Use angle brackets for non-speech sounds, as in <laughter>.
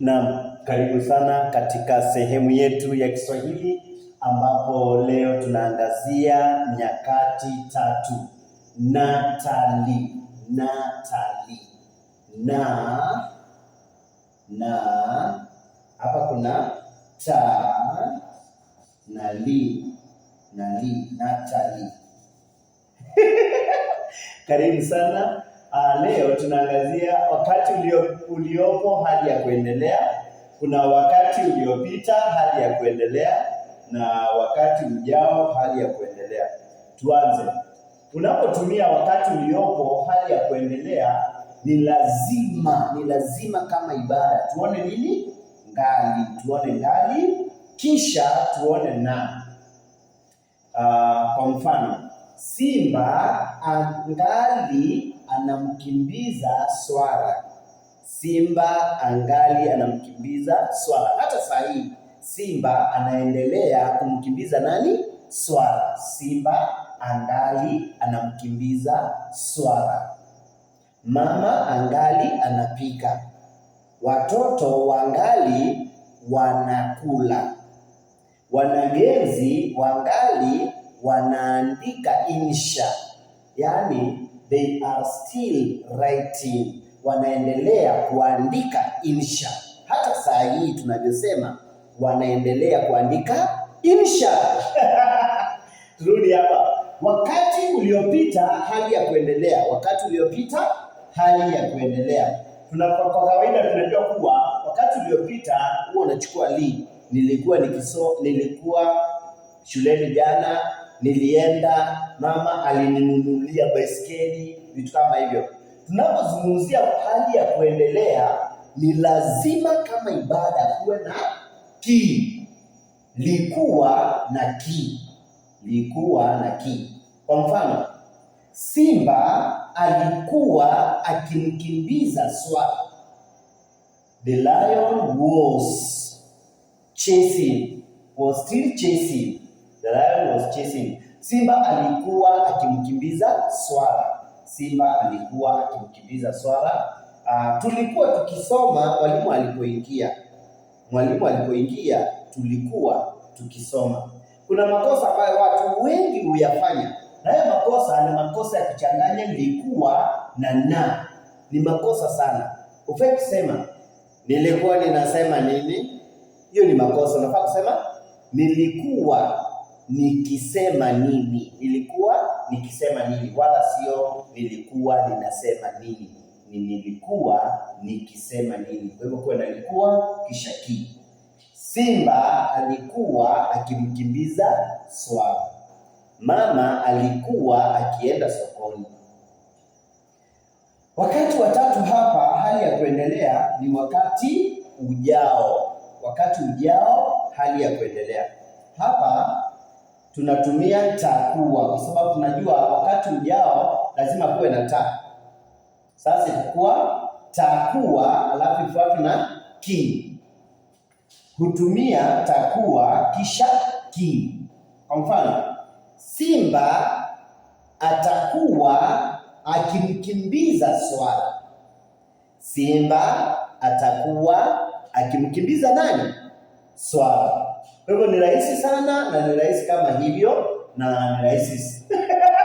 Na karibu sana katika sehemu yetu ya Kiswahili ambapo leo tunaangazia nyakati tatu: natali, natali, na na, hapa kuna ta na li na li, natali. <laughs> Karibu sana Uh, leo tunaangazia wakati ulio, uliopo hali ya kuendelea. Kuna wakati uliopita hali ya kuendelea na wakati ujao hali ya kuendelea. Tuanze. Unapotumia wakati uliopo hali ya kuendelea, ni lazima ni lazima kama ibada tuone nini ngali, tuone ngali kisha tuone na. Uh, kwa mfano Simba angali anamkimbiza swara. Simba angali anamkimbiza swara. Hata saa hii simba anaendelea kumkimbiza nani? Swara. Simba angali anamkimbiza swara. Mama angali anapika, watoto wangali wanakula, wanagenzi wangali wanaandika insha yaani they are still writing, wanaendelea kuandika insha. Hata saa hii tunavyosema wanaendelea kuandika insha. <laughs> Turudi hapa, wakati uliopita hali ya kuendelea, wakati uliopita hali ya kuendelea. Tuna kwa kawaida tunajua kuwa wakati uliopita huwa unachukua li, nilikuwa nikiso, nilikuwa shuleni jana nilienda, mama alininunulia baiskeli, vitu kama hivyo. Tunapozungumzia hali ya kuendelea, ni lazima kama ibada kuwe na ki, likuwa na ki, likuwa na ki. Kwa mfano, simba alikuwa akimkimbiza swala. The lion was chasing, was still chasing The lion was chasing. Simba alikuwa akimkimbiza swala Simba alikuwa akimkimbiza swala Uh, ah, tulikuwa tukisoma mwalimu alipoingia. Mwalimu alipoingia tulikuwa tukisoma. Kuna makosa ambayo watu wengi huyafanya, na haya makosa ni makosa ya kuchanganya nilikuwa na na. Ni makosa sana. Ufai kusema nilikuwa ninasema nini, hiyo ni makosa. Unafaa kusema nilikuwa nikisema nini, nilikuwa nikisema nini, wala sio nilikuwa ninasema nini, ni nilikuwa nikisema nini. Kwa hivyo kuwa na nilikuwa kisha ki. Simba alikuwa akimkimbiza swala. Mama alikuwa akienda sokoni. Wakati watatu hapa, hali ya kuendelea ni wakati ujao. Wakati ujao, hali ya kuendelea hapa tunatumia takuwa kwa sababu tunajua wakati ujao lazima kuwe na ta. Sasa itakuwa takuwa, alafu ifuatwe na ki. Hutumia takuwa kisha ki. Kwa mfano, simba atakuwa akimkimbiza swala. Simba atakuwa akimkimbiza nani? Swala. Kwa hivyo ni rahisi sana na ni rahisi kama hivyo na ni rahisi <laughs>